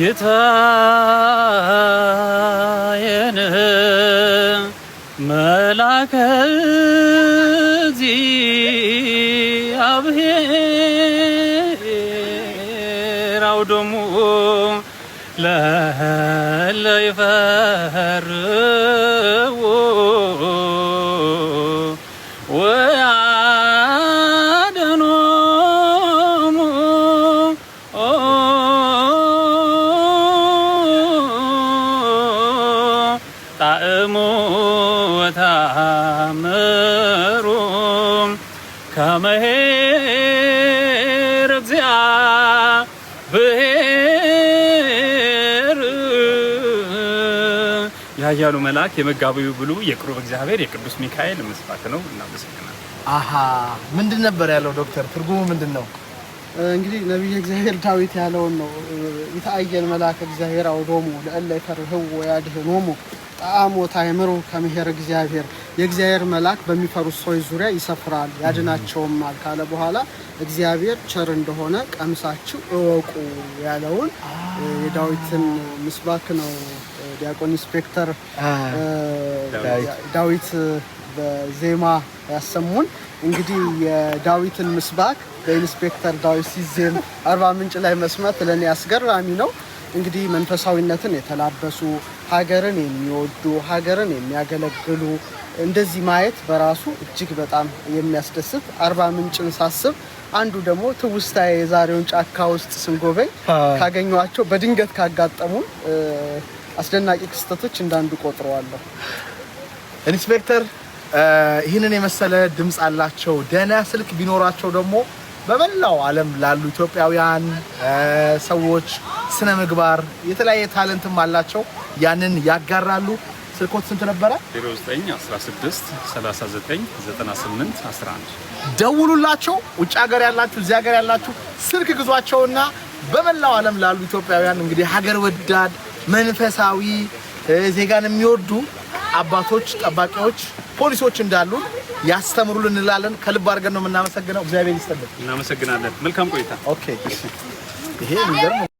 ይታየን መላከ እግዚአብሔር አውዶሙ ለለ ይፈርዎ ጣዕሙ ታምሩ ከመሄር እግዚአብሔር ያያሉ መልአክ የመጋቢው ብሉ የቅሩብ እግዚአብሔር የቅዱስ ሚካኤል ምስባክ ነው። እናመሰግናለን። አሀ ምንድን ነበር ያለው ዶክተር? ትርጉሙ ምንድን ነው? እንግዲህ ነቢይ እግዚአብሔር ዳዊት ያለውን ነው። ይታየን መልአክ እግዚአብሔር አውዶሙ ለእለ ይፈርህው ወያድህኖሙ ጣዕሞት አእምሮ ከመሄር እግዚአብሔር የእግዚአብሔር መልአክ በሚፈሩት ሰዎች ዙሪያ ይሰፍራል ያድናቸውማል ካለ በኋላ እግዚአብሔር ቸር እንደሆነ ቀምሳችሁ እወቁ ያለውን የዳዊትን ምስባክ ነው። ዲያቆን ኢንስፔክተር ዳዊት በዜማ ያሰሙን። እንግዲህ የዳዊትን ምስባክ በኢንስፔክተር ዳዊት ሲዜም አርባ ምንጭ ላይ መስማት ለእኔ አስገራሚ ነው። እንግዲህ መንፈሳዊነትን የተላበሱ ሀገርን የሚወዱ ሀገርን የሚያገለግሉ እንደዚህ ማየት በራሱ እጅግ በጣም የሚያስደስት አርባ ምንጭን ሳስብ አንዱ ደግሞ ትውስታ የዛሬውን ጫካ ውስጥ ስንጎበኝ ካገኘኋቸው በድንገት ካጋጠሙ አስደናቂ ክስተቶች እንዳንዱ ቆጥረዋለሁ። ኢንስፔክተር፣ ይህንን የመሰለ ድምፅ አላቸው። ደህና ስልክ ቢኖራቸው ደግሞ በመላው ዓለም ላሉ ኢትዮጵያውያን ሰዎች ስነ ምግባር የተለያየ ታለንትም አላቸው። ያንን ያጋራሉ። ስልኮት ስንት ነበረ? 0916399811 ደውሉላቸው። ውጭ ሀገር ያላችሁ፣ እዚህ ሀገር ያላችሁ ስልክ ግዟቸውና በመላው ዓለም ላሉ ኢትዮጵያውያን እንግዲህ ሀገር ወዳድ መንፈሳዊ ዜጋን የሚወዱ አባቶች፣ ጠባቂዎች፣ ፖሊሶች እንዳሉን ያስተምሩልን እንላለን። ከልብ አድርገን ነው የምናመሰግነው። እግዚአብሔር ይስጥልን። እናመሰግናለን። መልካም ቆይታ። ኦኬ ይሄ